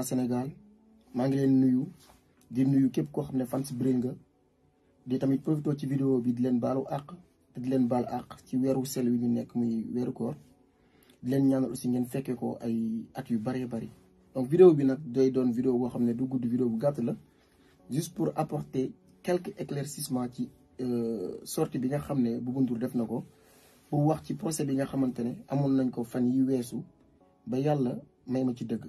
waa Sénégal maa ngi leen nuyu di nuyu képp koo xam ne fan si Bril nga di tamit profité ci vidéo bi di leen baalu àq te di leen baal àq ci weeru sel wi ñu nekk muy weeru koor di leen ñaanal aussi ngeen fekkee ko ay at yu bëree bëri. donc vidéo bi nag day doon vidéo boo xam ne du gudd vidéo bu gàtt la juste pour apporter quelque éclaircissements ci euh, sortie bi nga xam ne Bouba Ndour def na ko pour wax ci procès bi nga xamante ne amoon nañ ko fan yi weesu ba ci dëgg.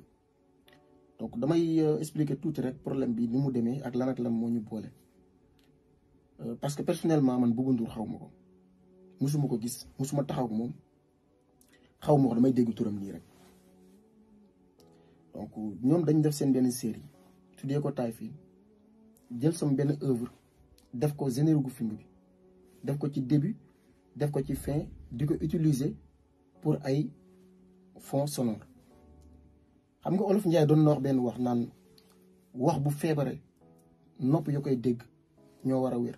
donc damay euh, expliquer tuuti rek problème bi ni mu demee ak lan ak lan moo ñu boole euh, parce que personnellement man Bouba Ndour xaw ma ko musuma ko gis mosuma taxaw moom xaw ma ko damay dégg turam nii rek donc ñoom dañ def seen benn série tuddee ko taay fii jël sama benn œuvre def ko générique gu film bi def ko ci début def ko ci fin di ko utiliser pour ay fond sonore xam nga olof Njaay doon na benn wax naan wax bu feebare nopp yoo koy dégg ñoo war a wér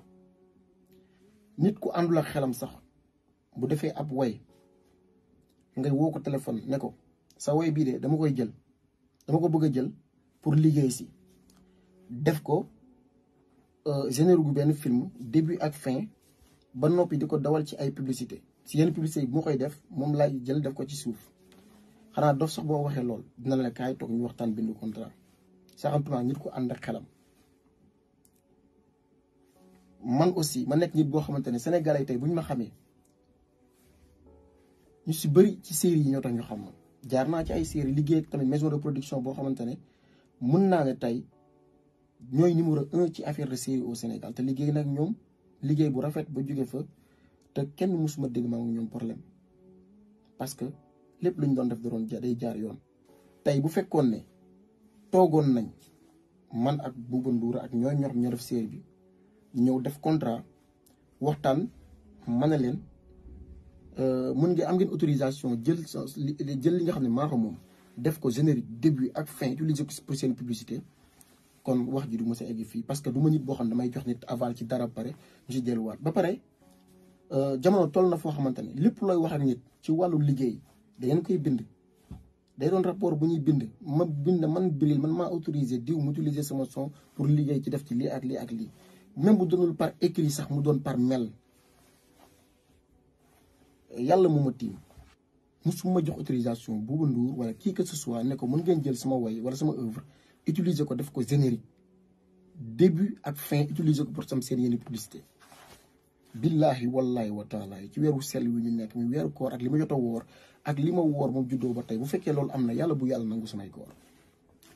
nit ku àndul ak xelam sax bu defee ab way nga woo ko téléphone ne ko sa way bii de dama koy jël dama ko bëgg a jël pour liggéey si def ko euh, générique gu benn film début ak fin ba noppi di ko dawal ci ay publicité si yenn publicité yi bu ma koy def moom laay jël def ko ci suuf xanaa dof sax boo waxee lool dina la kaay toog ñu waxtaan bindu contrat saxantuma nit ko ànd ak xelam. man aussi ma nekk nit boo xamante ne Sénégalais yi tey bu ñu ma xamee ñu si bëri ci série yi ñoo tax ñu xam ma jaar naa ci ay série liggéey ak tamit maison de production boo xamante ne mën naa ne tey ñooy numéro un ci affaire de série au Sénégal te liggéey nag ñoom liggéey bu rafet ba jóge fa te kenn mësuma dégg ma ak ñoom problème parce que. lépp lu ñu doon def da doon day jaar yoon tey bu fekkoon ne toogoon nañ man ak Bouba Ndour ak ñooy ñor ñoo def série bi ñëw def contrat waxtaan mën na leen euh, mën nga am ngeen autorisation jël jël li nga xam ne maa ko moom def ko générique début ak fin utiliser ko pour seen publicité kon wax ji du ma sa egg fii parce que du ma nit boo xam ne damay jox nit aval ci dara pare ñu si delluwaat ba pare euh, jamono toll na foo xamante ne lépp looy wax ak nit ci wàllu liggéey da koy bind day doon rapport bu ñuy bind ma bind man Bril man maa autorisé diw mu utiliser sama son pour liggéey ci def ci lii ak lii ak lii même bu doonul par écrit sax mu doon par mel yàlla mu ma tiim suma jox autorisation Bouba Ndour wala kii que ce soit ne ko mën ngeen jël sama way wala sama œuvre utiliser ko def ko générique début ak fin utiliser ko pour sam seen yenn publicité billaahi wallaahi wa taala ci weeru sel wi ñu nekk mi weeru koor ak li ma jot a woor ak li ma woor moom juddoo ba tey bu fekkee loolu am na yàlla bu yàlla nangu samay koor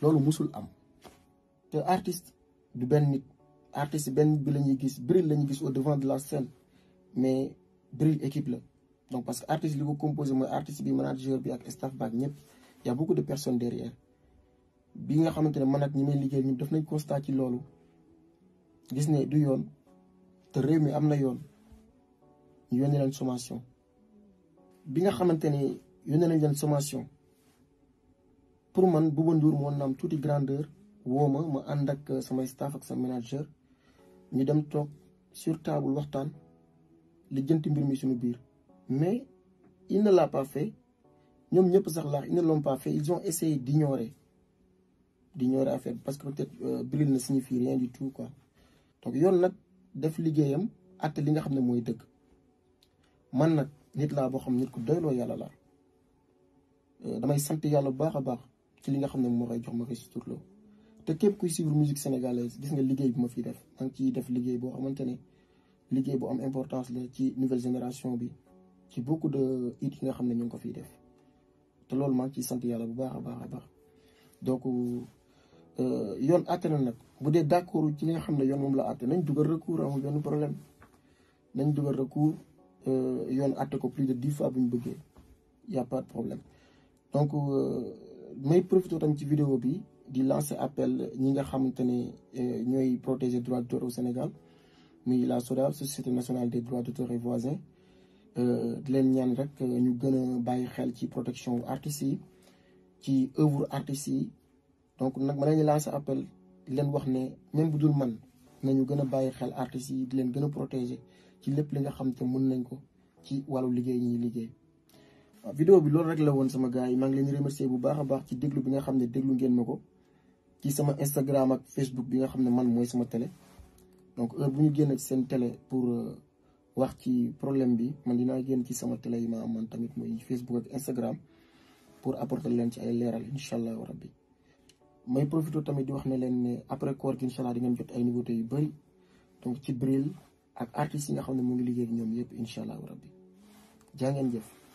loolu mosul am te artiste du benn nit artiste benn bi la ñuy gis Bril la gis au devant de la scène mais Bril équipe la donc parce que artiste li ko composé mooy artiste bi manager bi ak staff baak ñëpp y a beaucoup de personnes derrière bi nga xamante ne man ak ñi may liggéey ñu def nañ constat ci loolu gis ne du yoon te réew mi am na yoon ñu yónnee leen sommation bi nga xamante ni yónnee nañ leen sommation pour man Bouba Ndour moo naam tuuti grandeur woo ma ma ànd ak euh, samay staff ak sa manager ñu dem toog sur table waxtaan li jënti mbir mi suñu biir. mais il ne l'a pas ñoom ñëpp sax laax ils ne l'ont pas fait ils di essayé d'ignorer d'ignorer affaire parce que peut na euh, bril ne signifie rien du tout quoi donc yoon nag def liggéeyam àtte li nga xam ne mooy dëkk man nag. nit laa boo xam nit ku doyloo yàlla la eh, damay sant yàlla bu baax a baax ci li nga xam ne moo koy jox ma koy suturloo te képp kuy suivre musique sénégalaise nga liggéey bi ma fiy def danga ciy def liggéey boo xamante ne liggéey bu am importance la ci nouvelle génération bi ci beaucoup de hit yi nga xam ne ñu ngi ko fiy def te loolu maa ngi ciy sant yàlla bu baax a baax a baax donc euh, yoon àtte na nag bu dee d'accord ci li nga xam ne yoon moom la àtte nañ dugal recours amul benn problème nañ dugal recours Euh, yoon àtte ko plus de dix fois bu ñu bëggee y' a pas de problème donc euh, may profité tamit ci vidéo bi di lancer appel ñi nga xamante ne euh, ñooy protéger droit d'auteur au Sénégal muy la SODAV société nationale des droits d'auteur et voisins di leen ñaan rek ñu gën a bàyyi xel ci protection artistes yi ci œuvre artistes yi donc nag ma leen lancer appel di leen wax ne même bu dul man. nañu gën a bàyyi xel artistes yi di leen gën a protéger ci lépp li nga xam te mën nañ ko ci wàllu liggéey ñuy liggéey. waaw vidéo bi loolu rek la woon sama gars yi maa ngi leen remercier bu baax a baax ci déglu bi nga xam ne déglu ngeen ma ko ci sama Instagram ak Facebook bi nga xam ne man mooy sama télé. donc heure bu ñu génn ci seen télé pour euh, wax ci problème bi man dinaa génn ci sama télé yi ma man tamit mooy Facebook ak Instagram pour apporter leen ci ay leeral incha allah rabbi may profité tamit di wax ne leen ne après koor gi incha allah di ngeen jot ay nouveautés yu bëri donc ci Bril ak artistes yi nga xam ne mu ngi liggéey ñoom yëpp incha allah rabbi jaa jëf.